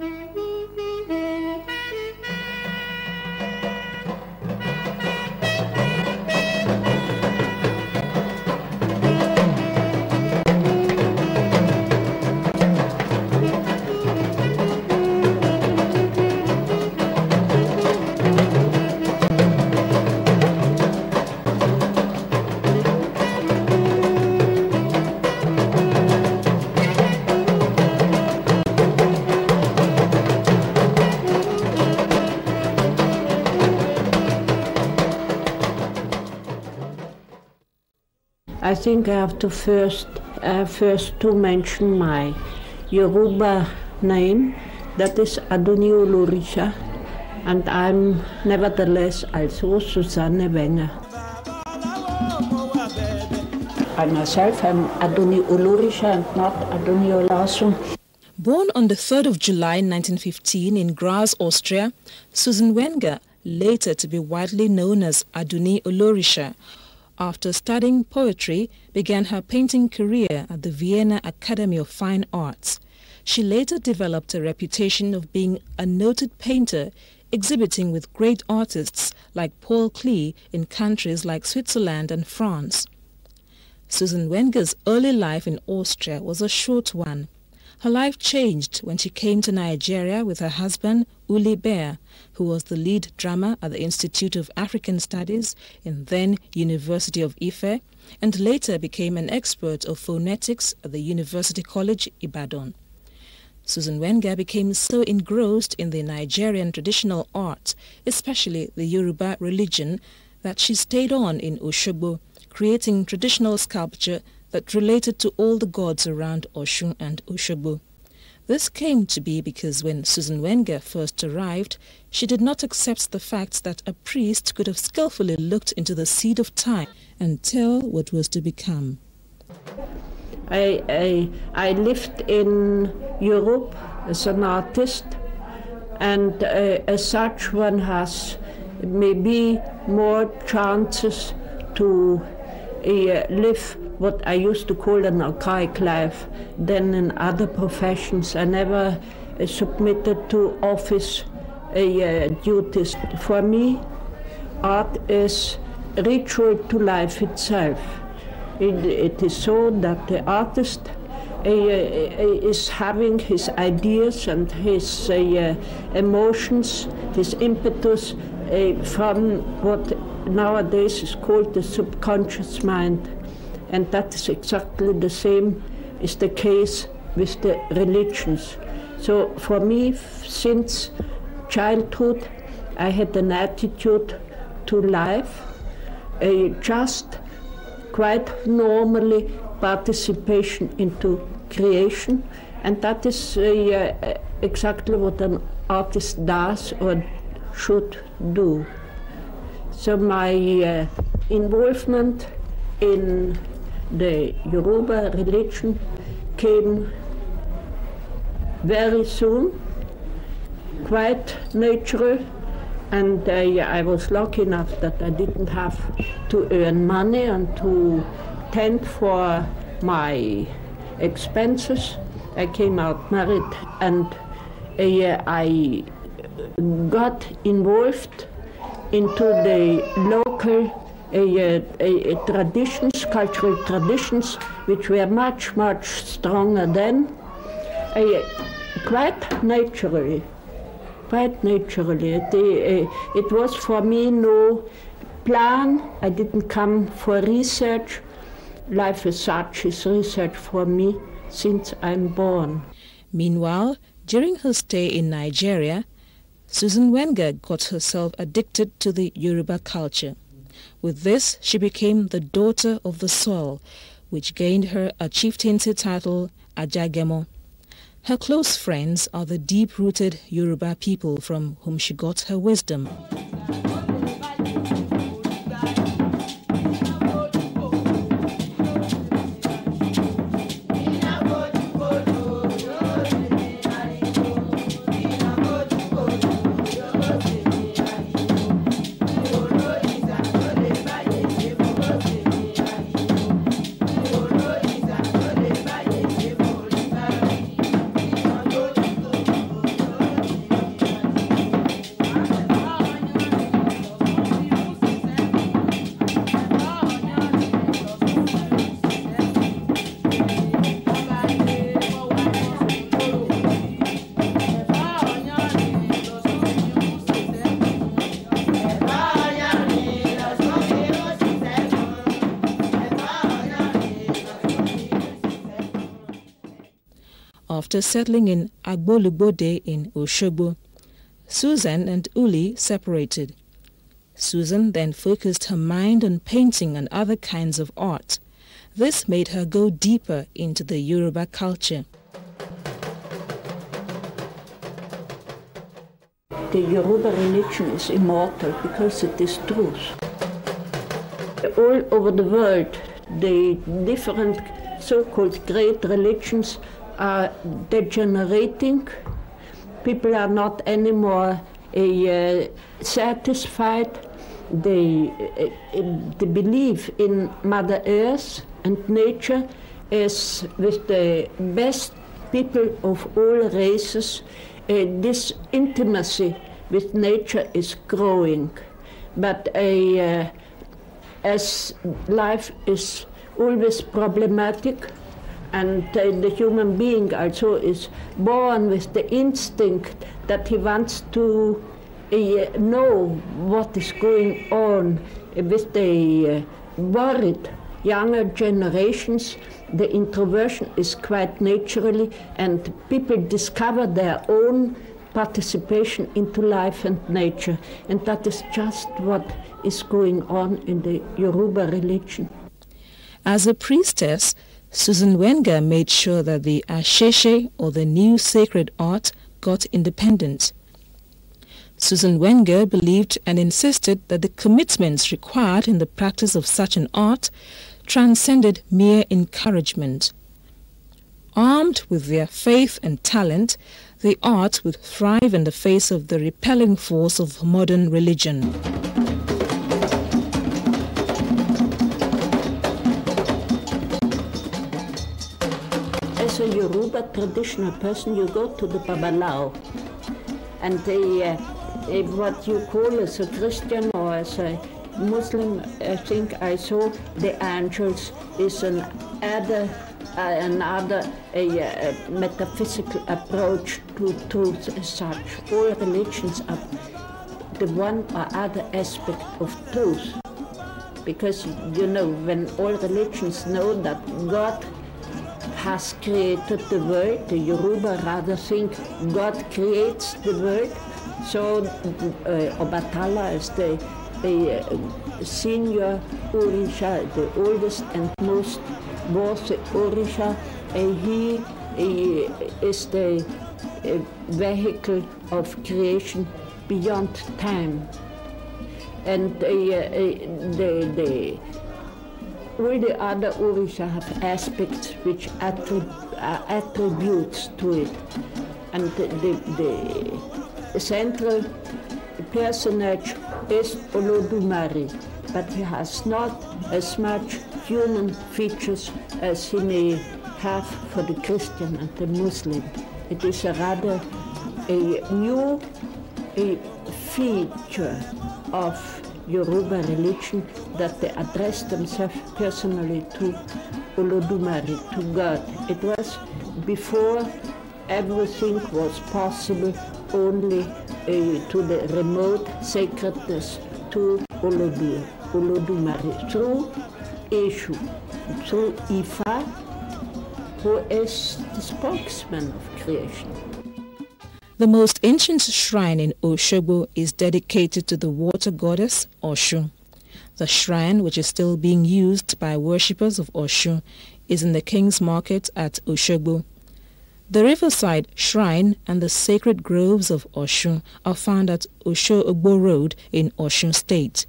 Mm-hmm. I think I have to first, uh, first to mention my Yoruba name, that is Adoni Olorisha, and I'm nevertheless also Susanne Wenger. I myself am Adoni Olorisha and not Adoni Olasun. Born on the 3rd of July 1915 in Graz, Austria, Susan Wenger, later to be widely known as Adoni Olorisha, after studying poetry, began her painting career at the Vienna Academy of Fine Arts. She later developed a reputation of being a noted painter, exhibiting with great artists like Paul Klee in countries like Switzerland and France. Susan Wenger's early life in Austria was a short one. Her life changed when she came to Nigeria with her husband, Uli Bear, who was the lead drummer at the Institute of African Studies in then University of Ife, and later became an expert of phonetics at the University College Ibadan. Susan Wenger became so engrossed in the Nigerian traditional art, especially the Yoruba religion, that she stayed on in Oshobo, creating traditional sculpture that related to all the gods around Oshun and Oshogbo. This came to be because when Susan Wenger first arrived, she did not accept the fact that a priest could have skillfully looked into the seed of time and tell what was to become. I, I, I lived in Europe as an artist, and uh, as such, one has maybe more chances to I live what I used to call an archaic life. Than in other professions, I never uh, submitted to office uh, duties. For me, art is ritual to life itself. it, it is so that the artist is having his ideas and his uh, emotions, his impetus uh, from what nowadays is called the subconscious mind. And that is exactly the same is the case with the religions. So for me, since childhood, I had an attitude to life, a just, quite normally participation into creation, and that is uh, exactly what an artist does or should do. So my uh, involvement in the Yoruba religion came very soon, quite natural, and I was lucky enough that I didn't have to earn money and to tend for my expenses. I came out married and uh, I got involved into the local a, traditions, cultural traditions, which were much, much stronger then, quite naturally. Quite naturally. It, it was for me no plan. I didn't come for research. Life as such is research for me since I'm born. Meanwhile, during her stay in Nigeria, Susan Wenger got herself addicted to the Yoruba culture. With this, she became the daughter of the soil, which gained her a chieftaincy title, Ajagemo. Her close friends are the deep-rooted Yoruba people from whom she got her wisdom. after settling in Agbolubode in Oshobo. Susan and Uli separated. Susan then focused her mind on painting and other kinds of art. This made her go deeper into the Yoruba culture. The Yoruba religion is immortal because it is truth. All over the world, the different so-called great religions are degenerating. People are not anymore uh, satisfied. They, uh, eh, eh, the belief in Mother Earth and nature is with the best people of all races. Uh, this intimacy with nature is growing. But uh, as life is always problematic, and uh, the human being also is born with the instinct that he wants to uh, know what is going on with the uh, worried younger generations. The introversion is quite naturally, and people discover their own participation into life and nature. And that is just what is going on in the Yoruba religion. As a priestess, Susan Wenger made sure that the Asheshe or the new sacred art got independent. Susan Wenger believed and insisted that the commitments required in the practice of such an art transcended mere encouragement. Armed with their faith and talent, the art would thrive in the face of the repelling force of modern religion. Yoruba traditional person, you go to the Babalao. And they, uh, they, what you call as a Christian or as a Muslim, I think I saw the angels is an other, uh, another a, uh, a, metaphysical approach to, as such. All religions are the one or other aspect of truth. Because, you know, when all religions know that God has created the world. The Yoruba rather think God creates the world. So uh, Obatala is the, the uh, senior Orisha, the oldest and most worthy Orisha, and he, he is the uh, vehicle of creation beyond time. And uh, uh, the, the all the other Orishas have aspects which uh, attributes to it. And the, the, the central personage is Olodumare, but he has not as much human features as he may have for the Christian and the Muslim. It is a rather a new a feature of Yoruba religion that they addressed themselves personally to Olodumare, to God. It was before everything was possible only uh, to the remote sacredness to Olodumare, Olodumare through Eshu, through Ifa, who is the spokesman of creation. The most ancient shrine in Oshogbo is dedicated to the water goddess Oshun. The shrine, which is still being used by worshippers of Oshun, is in the King's Market at Oshogbo. The riverside shrine and the sacred groves of Oshun are found at osho Road in Oshun State.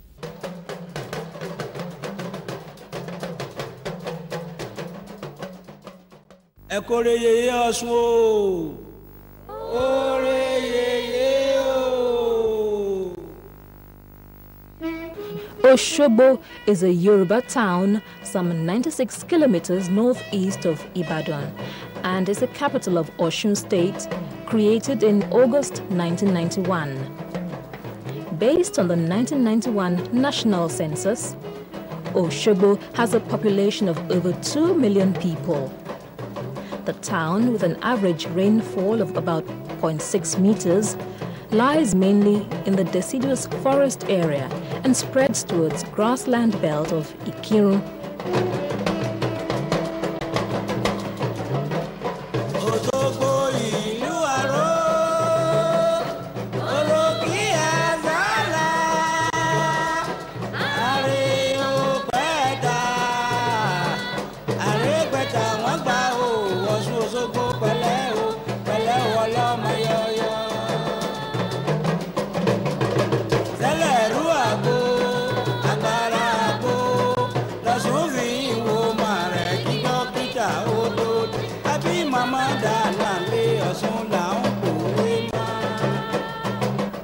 ẹ kórè Oshobo is a Yoruba town some 96 kilometers northeast of Ibadan and is the capital of Osun State, created in August 1991. Based on the 1991 national census, Oshobo has a population of over 2 million people the town, with an average rainfall of about 0.6 meters, lies mainly in the deciduous forest area and spreads towards grassland belt of Ikiru.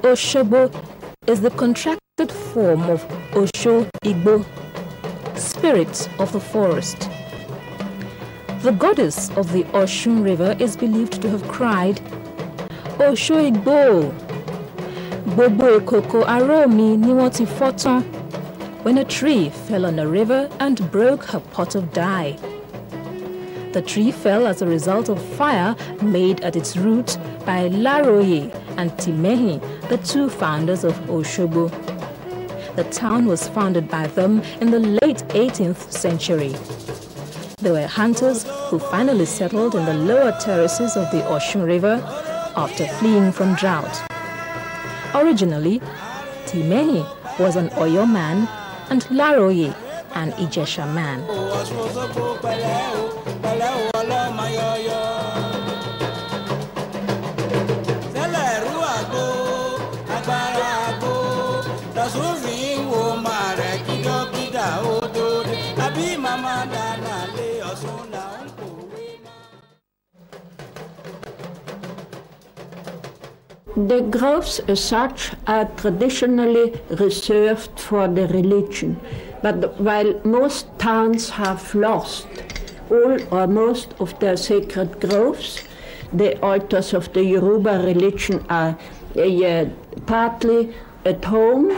Oshobo is the contracted form of Osho Igbo, spirit of the forest. The goddess of the Oshun River is believed to have cried, Osho Igbo, Bobo Koko Aromi ni foton, when a tree fell on a river and broke her pot of dye. The tree fell as a result of fire made at its root by Laroye and Timehi, the two founders of Oshobo. The town was founded by them in the late 18th century. There were hunters who finally settled in the lower terraces of the Oshun River after fleeing from drought. Originally, Timehi was an Oyo man and Laroye an Ijesha man. The groves as such are traditionally reserved for the religion, but while most towns have lost all or most of their sacred groves. The altars of the Yoruba religion are uh, partly at home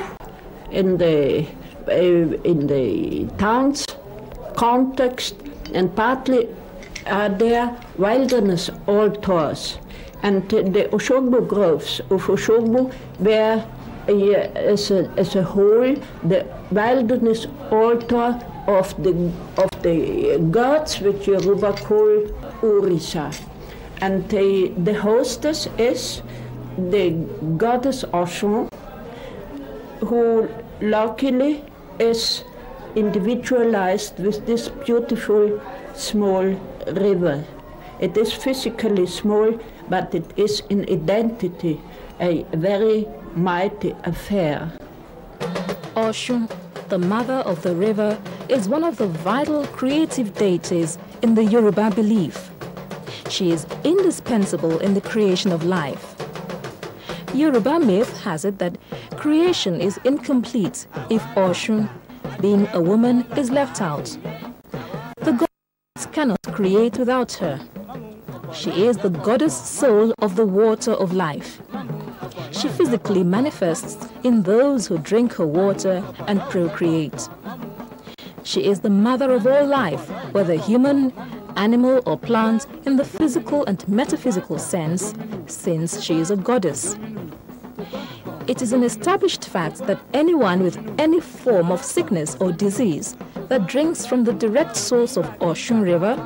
in the uh, in the towns context and partly are their wilderness altars and the Oshogbo groves of Oshogbo were uh, as, a, as a whole the wilderness altar of the of the gods, which Yoruba call Urisa. And the, the hostess is the goddess Oshun, who luckily is individualized with this beautiful small river. It is physically small, but it is in identity a very mighty affair. Oshun, the mother of the river, is one of the vital creative deities in the Yoruba belief. She is indispensable in the creation of life. Yoruba myth has it that creation is incomplete if Oshun, being a woman, is left out. The gods cannot create without her. She is the goddess soul of the water of life. She physically manifests in those who drink her water and procreate. She is the mother of all life, whether human, animal or plant, in the physical and metaphysical sense, since she is a goddess. It is an established fact that anyone with any form of sickness or disease that drinks from the direct source of Oshun River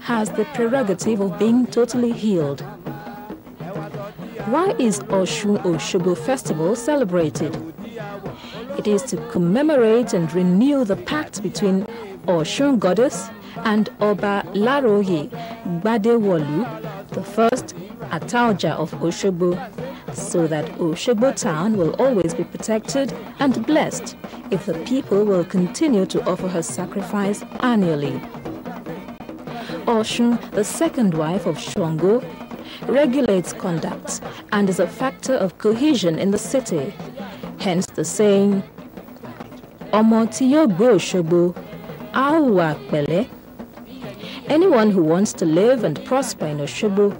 has the prerogative of being totally healed. Why is Oshun Oshogo Festival celebrated? It is to commemorate and renew the pact between Oshun goddess and Oba Laroye Gbadewolu, the first Atauja of Oshobo, so that Oshobo town will always be protected and blessed if the people will continue to offer her sacrifice annually. Oshun, the second wife of Shongo, regulates conduct and is a factor of cohesion in the city hence the saying ọmọ tí yóò gbé Anyone who wants to live and prosper in Oshobo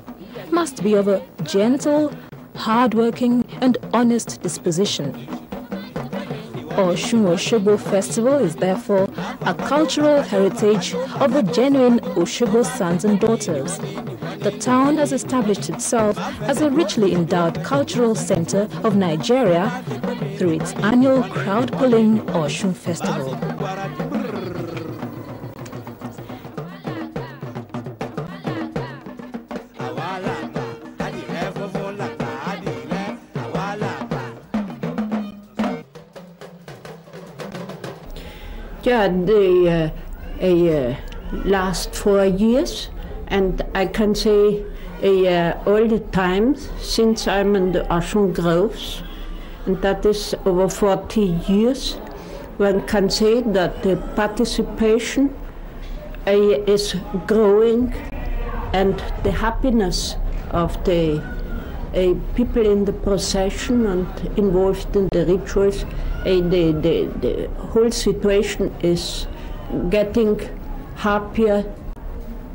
must be of a gentle, hardworking and honest disposition. Oshun Oshogbo Festival is therefore a cultural heritage of the genuine Oshobo sons and daughters. The town has established itself as a richly endowed cultural center of Nigeria through its annual crowd pulling Oshun Festival. Yeah, the uh, uh, last four years, and I can say uh, all the times since I'm in the Ocean Groves, and that is over 40 years, one can say that the participation eh, is growing and the happiness of the eh, people in the procession and involved in the rituals, eh, the, the, the whole situation is getting happier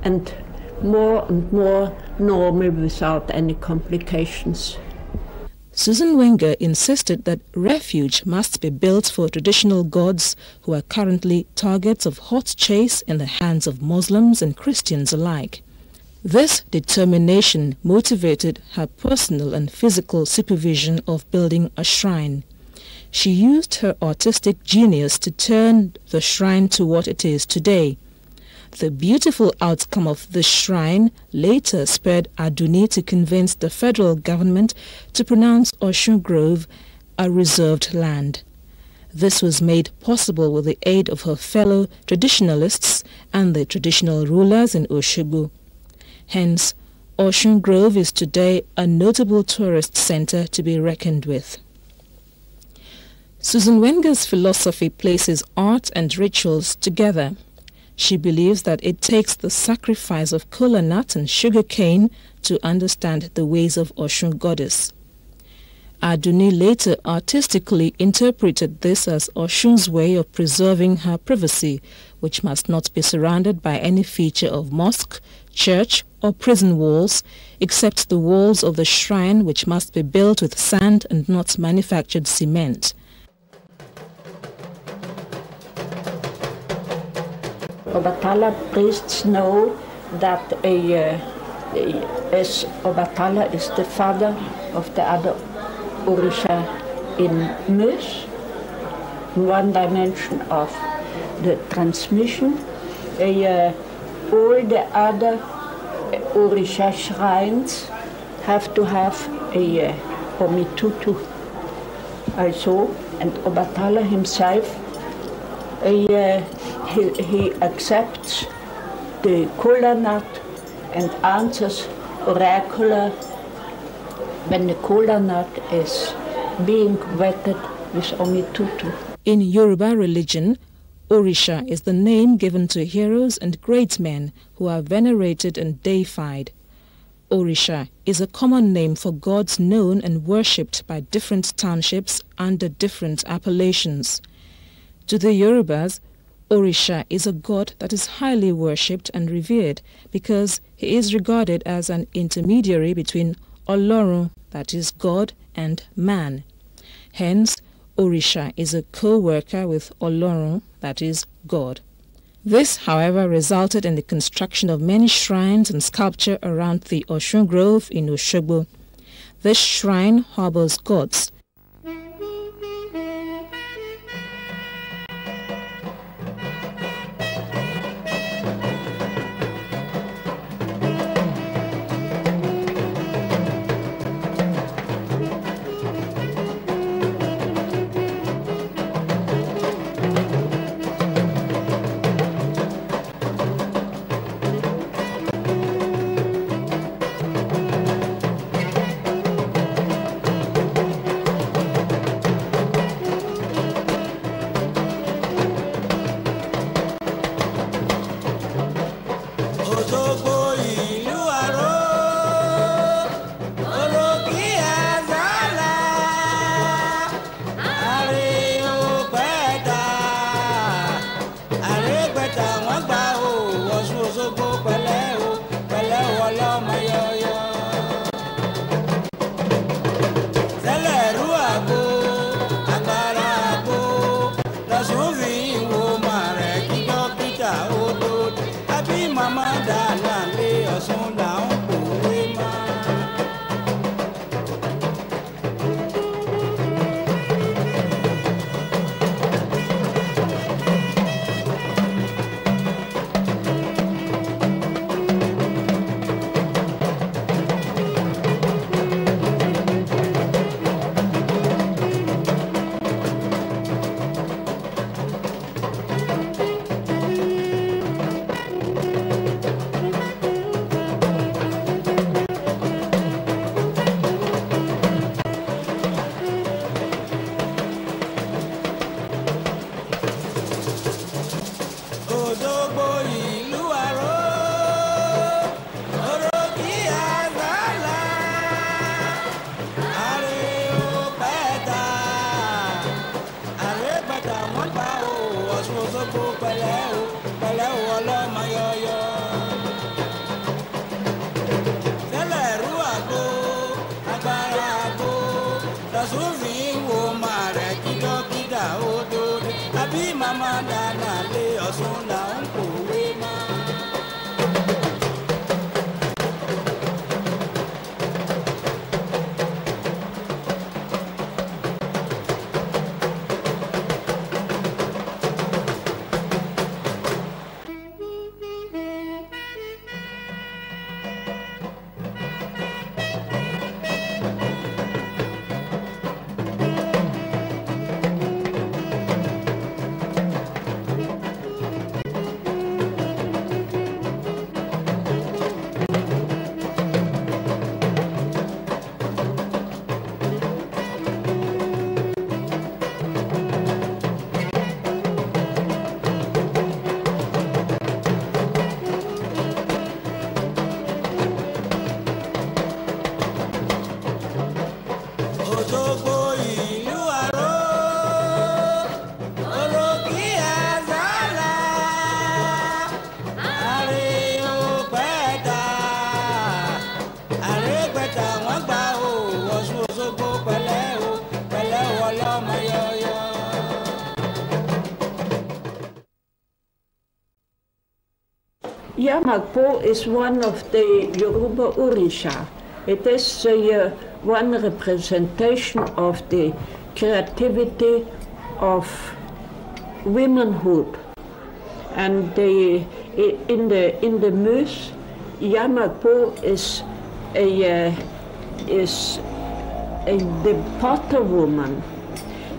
and more and more normal without any complications. Susan Wenger insisted that refuge must be built for traditional gods who are currently targets of hot chase in the hands of Muslims and Christians alike. This determination motivated her personal and physical supervision of building a shrine. She used her artistic genius to turn the shrine to what it is today, the beautiful outcome of the shrine later spurred Aduni to convince the federal government to pronounce Ocean Grove a reserved land. This was made possible with the aid of her fellow traditionalists and the traditional rulers in Oshogo. Hence, Ocean Grove is today a notable tourist center to be reckoned with. Susan Wenger's philosophy places art and rituals together. She believes that it takes the sacrifice of kola nut and sugar cane to understand the ways of Oshun goddess. Aduni later artistically interpreted this as Oshun's way of preserving her privacy, which must not be surrounded by any feature of mosque, church, or prison walls, except the walls of the shrine which must be built with sand and not manufactured cement. Obatala priests know that a, as uh, Obatala is the father of the other Orisha in myth, one dimension of the transmission. A, uh, all the other Orisha shrines have to have a uh, Omitutu also, and Obatala himself a, uh, he, he accepts the Kolanat and answers oracular when the Kolanat is being wetted with Omitutu. In Yoruba religion, Orisha is the name given to heroes and great men who are venerated and deified. Orisha is a common name for gods known and worshipped by different townships under different appellations. To the Yorubas, Orisha is a god that is highly worshipped and revered because he is regarded as an intermediary between Olorun, that is God, and man. Hence, Orisha is a co-worker with Olorun, that is God. This, however, resulted in the construction of many shrines and sculpture around the Oshun Grove in Oshobo. This shrine harbors gods ó dóde àbí màmá dáadáa lé Ọ̀ṣun là ń kòwé. Magpo is one of the Yoruba Orisha. It is the uh, one representation of the creativity of womanhood. And the, in the in the myth, Yamapo is a uh, is a, the potter woman.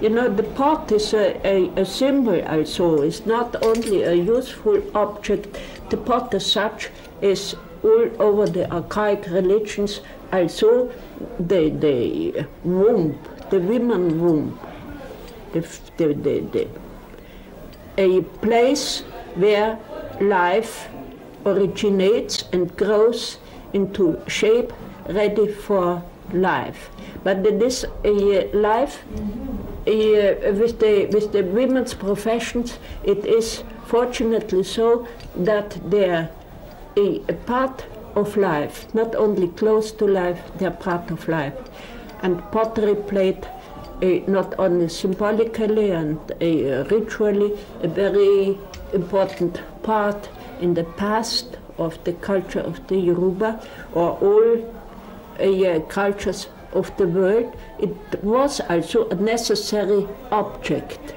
You know, the pot is a, a, a symbol also. It's not only a useful object. The pot as such is all over the archaic religions also the, the womb, the women womb, the, the, the, the, a place where life originates and grows into shape ready for life. But this uh, life Eh, with, the, with the women's professions, it is fortunately so that they are a, a part of life, not only close to life, they are part of life. And pottery played not only symbolically and uh, ritually a very important part in the past of the culture of the Yoruba or all uh, cultures of the world, it was also a necessary object.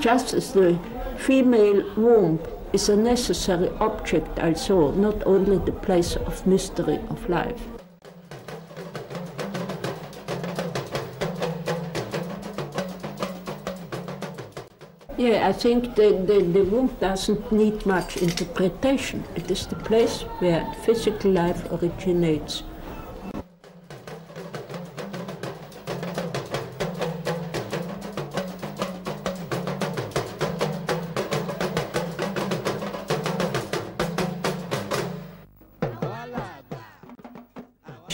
Just as the female womb is a necessary object also, not only the place of mystery of life. Yeah, I think the, the, the womb doesn't need much interpretation. It is the place where physical life originates.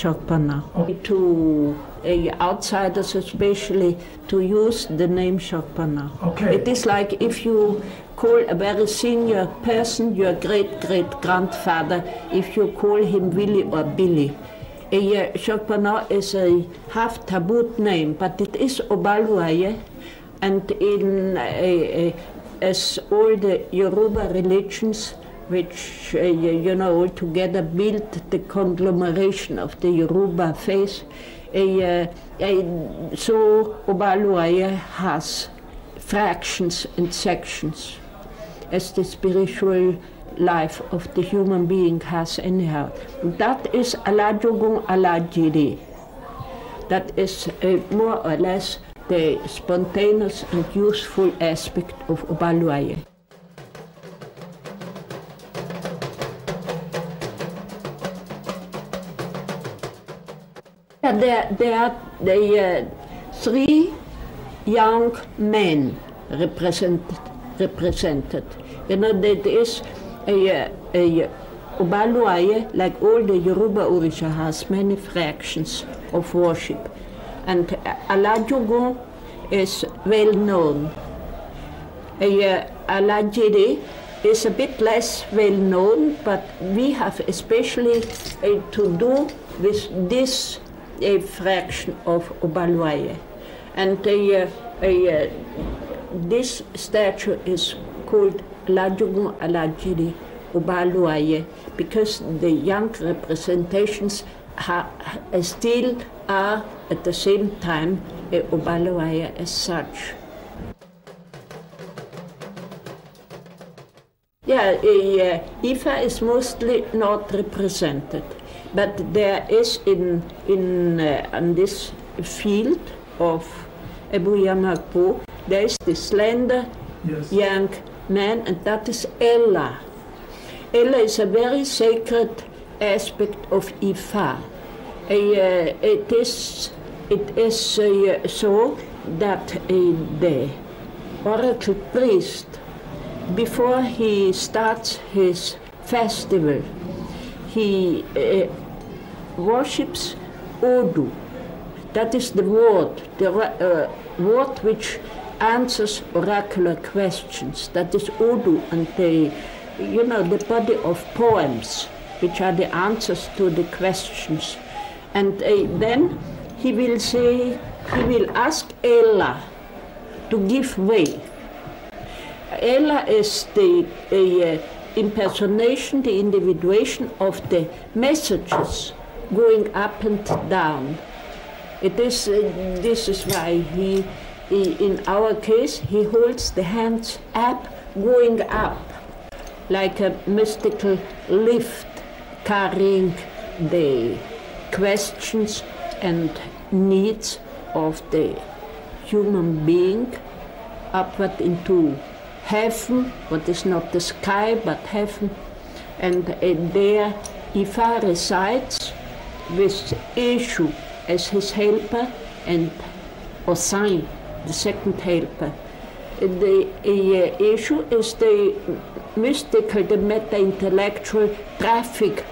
Chokpana. Oh. To uh, outsiders especially, to use the name Chokpana. Okay. It is like if you call a very senior person your great-great-grandfather, if you call him Willie or Billy. Uh, Chokpana is a half-tabooed name, but it is Obaluaye, and in uh, as all the Yoruba religions, which, uh, you, you, know, together built the conglomeration of the Yoruba faith. Uh, so Obaluaya has fractions and sections, as the spiritual life of the human being has anyhow. That is Alajogun Alajiri. That is uh, more or less the spontaneous and useful aspect of Obaluaya. there, there are the, uh, three young men represented. represented. You know, that is a, uh, a uh, Obaluaye, like all the Yoruba Orisha, has many fractions of worship. And Alajugo is well known. Uh, Alajiri is a bit less well known, but we have especially to do with this a fraction of Obaloye. And this statue is called Lajugun Alajiri Obaloye because the young representations ha, still are at the same time a Obaloye as such. Yeah, yeah, IFA is mostly not represented, but there is in in uh, this field of Abu Yamapo, there is this slender yes. young man, and that is Ella. Ella is a very sacred aspect of Ifa. Uh, it is it is uh, so that uh, the oracle priest before he starts his festival, he uh, worships Odu. That is the word, the uh, word which answers oracular questions. That is Odu and the, you know, the body of poems, which are the answers to the questions. And uh, then he will say, he will ask Ella to give way. Ella is the uh, impersonation, the individuation of the messages going up and down. It is, uh, this is why he, he, in our case, he holds the hands up, going up, like a mystical lift carrying the questions and needs of the human being upward into heaven, what is not the sky but heaven, and uh, there Ifa resides with Eshu as his helper and Osain, the second helper. The uh, Eshu is the mystical, the meta-intellectual traffic